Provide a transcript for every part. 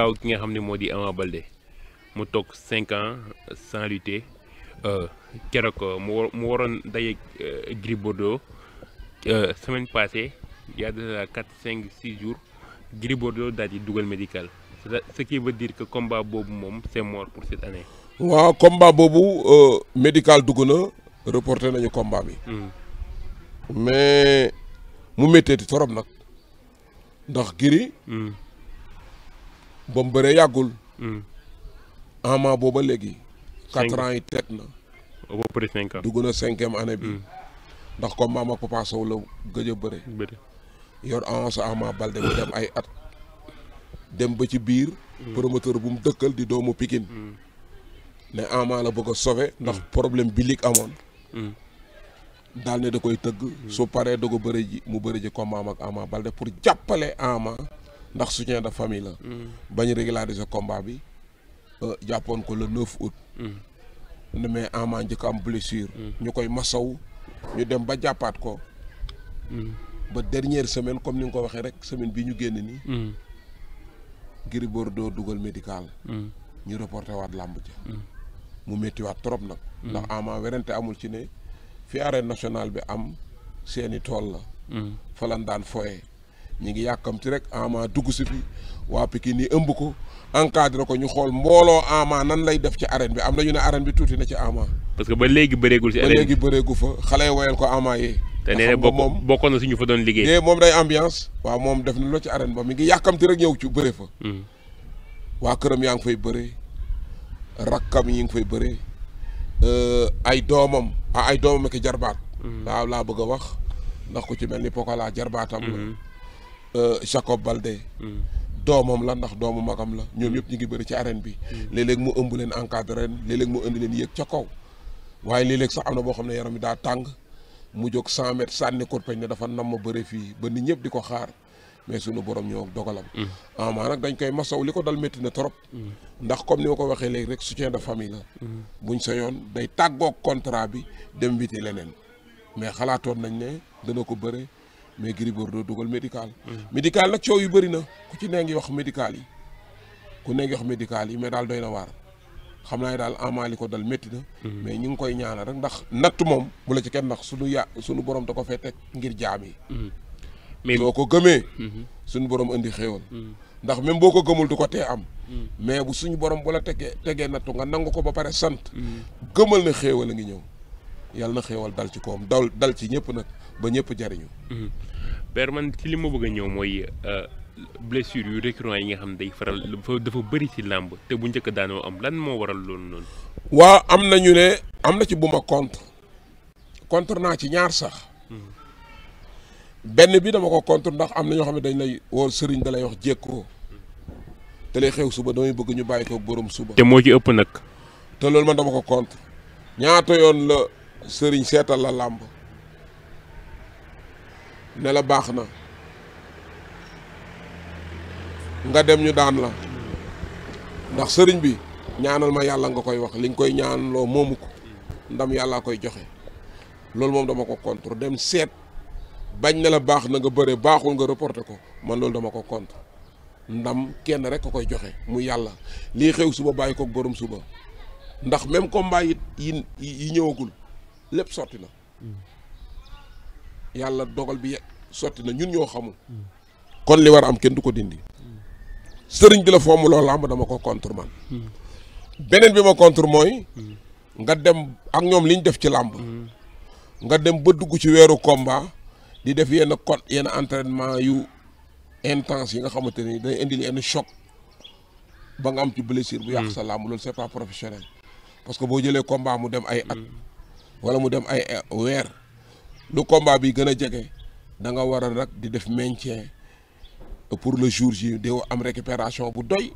waaw ki nga xam ne moo di Ama Baldé mu toog cinq ans sans lutter euh, keroog euh, mu waroon daje euh, Gris Bordeaux semaine passée y a déjà quatre cinq six jours Gris Bordeaux daal di dugal médical ce qui veut dire que combat boobu moom c'est mort pour cette année. waaw combat boobu médical dugg na reporté nañu combat bi. Hmm. mais mu méttee di torop nag ndax Gris. Hmm. ba mu bëree yàggul. Hmm. ama booba léegi. quatre ans yi teg na. ba pare cinq ans dugg année bi. Hmm. ndax comme maam ak papa Sow la gëj a bëre. yor avance ama balde mu dem ay at. dem ba ci biir. Hmm. promoteur bu mu dëkkal di doomu Pikine. ne ama la bëgg a sauver ndax problème bi lig amoon. daal ne da koy tëgg. su paree da ko mu bëri ji comme maam ak balde pour jàppale ama. ndax soutien de famille la. Mm. bañ régulariser combat bi jàppoon ko le 9 août. ne mm. mais Ama njëkk am blessure. Mm. ñu koy masaw ñu dem ba jàppaat ko. ba dernière semaine comme ni nga ko waxee rek semaine bi ñu génn nii. Gris Bordeaux dugal médical. ñu reporté waat làmb ja mu méttiwaat trop nag. ndax Ama werante amul ci ne fi arène nationale bi am seeni tool la. fa daan foyee. ñu ngi yàkkamti rek Ama dugg si fi waa Pikine nii ëmb ko encadré ko ñu xool mbooloo Ama nan lay def ci arène bi am na ñu ne arène bi tuuti na ci Ama. parce que ba léegi bëreegul ci arène ba léegi bëreegu fa xale yi woyal ko Ama yi. te nee na moom bokkoon na suñu fa doon liggéey. moom day ambiance waa moom def na loo ci arène ba mi ngi yàkkamti rek ñëw ci bëre fa. Hmm. waa këram yaa ngi fay bëree rakkam yi ngi fay bëree euh, ay doomam ah, ay doomam ak jarbaat. Hmm. waaw laa bëgg a wax ndax ku ci mel ni Pokola jarbaatam Euh, Jacob Baldé mm. doomam la ndax doomu magam la ñoom yëpp ñu ngi bëri ci arène bi mm. léeg-léeg mu ëmb leen encadré leen léeg-léeg mu indi leen yéeg ca kaw waaye léeg-léeg sax am na boo xam ne yaram bi daa tàng mu jóg cent mètres sànni kurpeñ ne dafa nam ma bëre fii ba nit ñëpp di ko xaar mais suñu borom ñoo dogalam mm. ama nag dañ koy masaw li ko dal métti na trop ndax comme ni ma ko waxee léegi rek su soutien de famille la buñ sa yoon day tàggook contrat bi dem witi leneen mais xalaatoon nañ ne dana ko bëre mais Gris Bordeaux dugal médical. médical nag coow yu bëri na ku ci nee ngi wax médical yi ku nee ngi wax médical yi mais daal doy na waar xam naa ne daal amaali ko dal métti na. mais ñu ngi koy ñaanal rek ndax natt moom bu la ci kenn ndax suñu ya suñu borom da ko fee teg ngir jaami mais soo ko gëmee. Mhm. suñu borom indi xéewal. Mhm. ndax même boo ko gëmul du ko tee am. Mhm. mais bu suñu borom bu la tegee tegee nattu nga nangu ko ba pare sant. gëmal na xéewal a ngi ñëw. yàlla na xéewal dal ci koom dal dal ci ñëpp nag. ba ñëpp jariñu mhm. man ci li ma bëgg mooy euh, blessure yu récurrent yi nga xam day faral dafa bëri ci làmb te bu njëkk daanoo am lan moo waral loolu noonu waaw am na ñu am na ci bu ma contre contre ci ñaar sax mhm. benn bi dama ko contre ndax am na ñoo xam ne dañ lay woo sëriñ da lay wax jékkoo mhm. te lay xew suba damay bëgg ñu bàyyi ko borom suba te moo ci ëpp nag te loolu man dama ko contre ñaata yoon la sëriñ seetal la làmb ne baax na nga dem ñu daan la ndax sëriñ bi ñaanal ma yàlla nga koy wax liñ nga koy ñaanloo moomu ko ndam yàllaa koy joxe loolu moom dama ko contre dem seet bañ ne la baax na nga bëre baaxul nga reporté ko man loolu dama ko contre ndam kenn rek a koy joxe mu yàlla lii xew suba bàyyi ko borom suba ndax même combat yi yi ñëwagul lépp sotti na yàlla dogal bi sotti na ñun ñoo xamul kon li war a am kenn du ko dindi sëriñ bi la foomu loolu làmb dama ko contre man beneen bi ma contre mooy nga dem ak ñoom li ñu def ci làmb nga dem ba dugg ci weeru combat di def yenn cot yenn entraînement yu intense yi nga xamante ni day indil yenn choc ba nga am ci blessure bu yàq sa làmb loolu c'est pas professionel parce que boo jëlee combat mu dem ay at wala mu dem ay weer lu combat bi gën a jege da nga war a nag di def maintien pour le jour ji di am récupération bu doy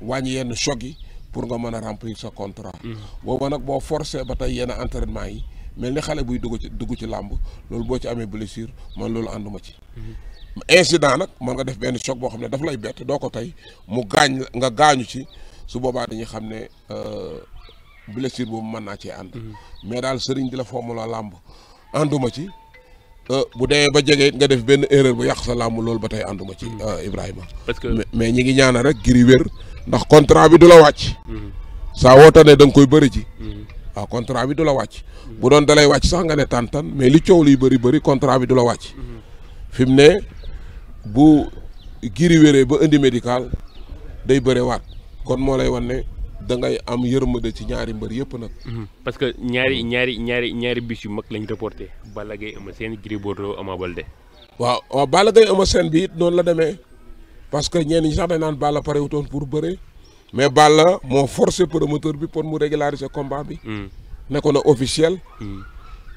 wàññi yenn choc yi pour nga mën a remplir sa contrat. Mm-hmm. booba nag boo forcé ba tey yenn entraînement yi mel ni xale buy dugg ci dugg ci làmb loolu boo ci amee blessure man loolu ànduma ci. Mm-hmm. insident nag mën nga def benn choc boo xam ne dafa lay bett doo ko tey mu gaañ nga gaañu ci su boobaa dañuy xam ne euh, blessure boobu mën naa cee ànd. Mm-hmm. mais daal sëriñ di la formula làmb ànduma ci euh, bu demee ba jege nga def benn erreur bu yàq sa làmb loolu ba tey ànduma ci mm-hmm. euh, Ibrahima. parce que mais ñi ngi ñaana rek ngir wér ndax contrat bi du la wàcc. Mm-hmm. saa woote ne da koy bëri ci mm-hmm. waaw contrat bi du la wàcc. bu doon dalay wàcc sax nga ne tàntan mais li coow liy bëri bëri contrat bi du la wàcc. fi mu ne bu giri ba indi médical day bëre waat kon moo lay wan da ngay am yërmande ci ñaari mbër yëpp nag. Mhm. parce que ñaari ñaari ñaari ñaari bis yu mag lañ reporté Balla Gaye Eumeu Sène Gris Bordeaux Ama Baldé. waaw waaw Balla Gaye Eumeu Sène bi it noonu la demee parce que ñenn ñi sax dañ naan Balla pare wutoon pour bëre mais Balla moo forcé promoteur bi pour mu régulariser combat bi. Mhm. nekkoon na officiel. Mhm.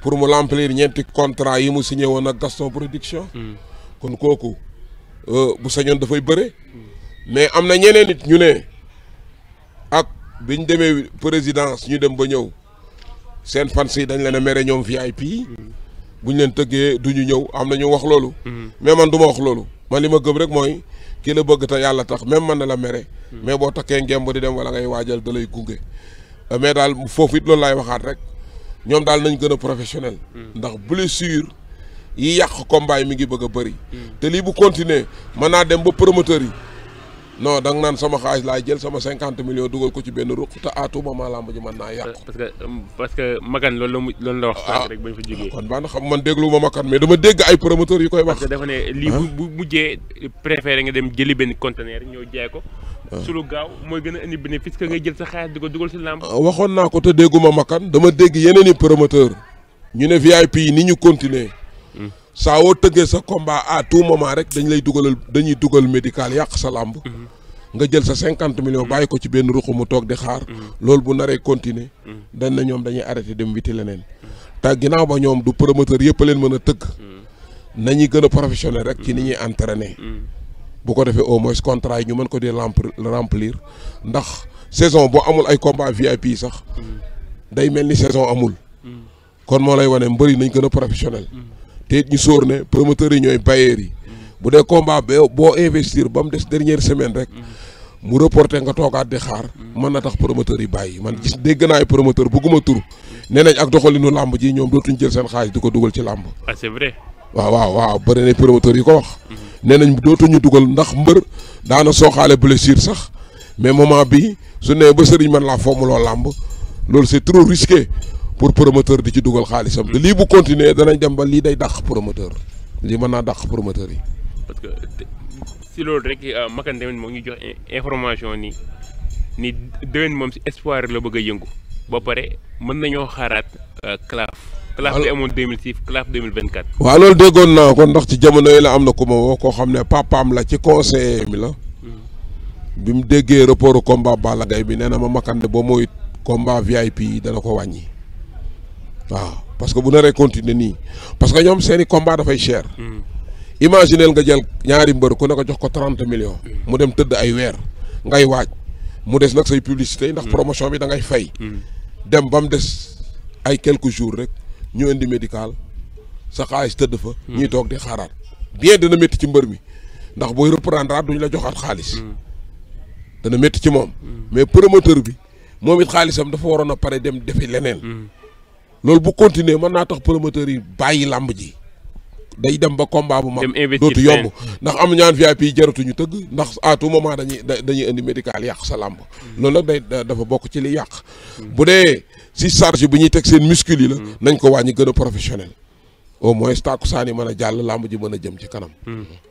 pour mu remplir ñeenti contrat yi mu signé woon ak Gaston Production. kon kooku euh, bu sañoon dafay bëre. mais am na ñeneen nit ñu ne. ak bi ñu demee présidence ñu dem ba ñëw seen fans yi dañ leen a mere ñoom pii bu ñu leen tëggee du ñu ñëw am na ñu wax loolu. mais man du ma wax loolu. man li ma gëb rek mooy ki la bëgg ta yàlla tax même man na la mere. mais boo takkee ngemb di dem wala ngay waajal da lay gunge. mais daal foofu it loolu laay waxaat rek ñoom daal nañ gën a professionnel. ndax blessure yi yàq combat yi mi ngi bëgg a bëri. Mm. te lii bu continuer mën naa dem ba promoteur yi. non da nga naan sama xaalis laay jël sama cinquante millions dugal ko ci benn ruq te à tout moment lamb ji mën naa yàqu. parce que euh, parce loolu la mu loolu la wax. sànq ah. rek bañ ah, dama dégg ay promoteurs yu koy wax. parce que dafa ne lii ah. mujjee préféré nga dem jëli benn conteneur ñoo jaay ko. su lu gaaw mooy gën a indi bénéfice que ngay jël sa xaalis di ko dugal si lamb. waxoon naa ko te dégguma Makan dama dégg yeneen i promoteurs ñu ne VIP yi ni ñu continuer saa woo tëggee sa combat à tout moment rek dañ lay dugalal dañuy dugal médical yàq sa làmb nga jël sa cinquante millions mm-hmm. bàyyi ko ci benn ruq mu toog di xaar mm-hmm. loolu bu naree continuer mm-hmm. dañ na ñoom dañuy arrêté dem witi leneen te ginnaaw ba ñoom du promoteur yëpp leen mën a tëgg nañuy gën a professionnel rek ci ni ñuy entraîner bu ko defee au moins contrat yi ñu mën ko di remplir ndax saison bu amul ay combat VIP sax day mel ni saison amul kon moo lay wane mbëri nañ gën a professionnel te ñu sóor ne promoteurs yi ñooy bailleurs yi bu dee combat boo boo investir ba mu des dernière semaine rek mu reporté nga toogaat di xaar mën na tax promoteurs yi bàyyi man gis dégg naa ay promoteur bëgguma tur nee nañ ak doxalinu làmb ji ñoom dootuñ jël seen xaalis di ko dugal ci làmb ah c'est vrai waaw waaw waaw bëri na yi ko wax nee nañ dootuñu dugal ndax mbër daana soo sooxaale blessure sax mais moment bi su nee ba sëriñ man laa fomm loo làmb loolu c'est trop risqué pour promoteur di ci dugal xaalisam. te mm. lii bu continuer danañ dem ba lii day dàq promoteur lii mën naa dàq promoteur yi. parce que si loolu rek euh, Makane moo ngi jox information ni ni déwén moom si espoir la bëgg a yëngu ba pare mën nañoo xaaraat euh, CLAF. CLAF bi amoon 2006 CLAF 2024. waa loolu déggoon naa ko ndax ci jamono yi la am na ku ma woo koo xam ne papaam la ci conseiller mi la. Mm. bi mu déggee rapport combat Balla Gaye bi nee na ma Makane boo mooy combat VIP dana ko wàññi. waaw parce que bu naree continuer nii parce que ñoom seeni i combat dafay cher. Hmm. imaginel nga jël ñaari mbër ku ne ko jox ko trente millions. Hmm. mu dem tëdd ay weer ngay waaj mu des nag say publicité ndax hmm. promotion bi da ngay fay. dem ba mu des ay quelques jours rek ñu indi médical sa xaalis tëdd fa. ñuy toog di xaaraat bien dana métti ci mbër mi ndax booy reprendre duñ la joxaat xaalis. dana métti ci moom. mais promoteur bi moom it xaalisam dafa waroon a pare dem defi leneen. loolu bu continuer mën naa tax promoteur yi bàyyi làmb ji day dem ba combat bu mag dootu yomb ndax am ñaan VIP yi jaratuñu tëgg ndax à tout moment dañuy dañuy indi médical yàq sa làmb loolu nag day dafa bokk ci li yàq bu dee si charge bu ñuy teg seen muscule yi la nañ ko wàññi gën a professionnel au moins tàkkusaan yi mën a jàll làmb ji mën a jëm ci kanam hmm.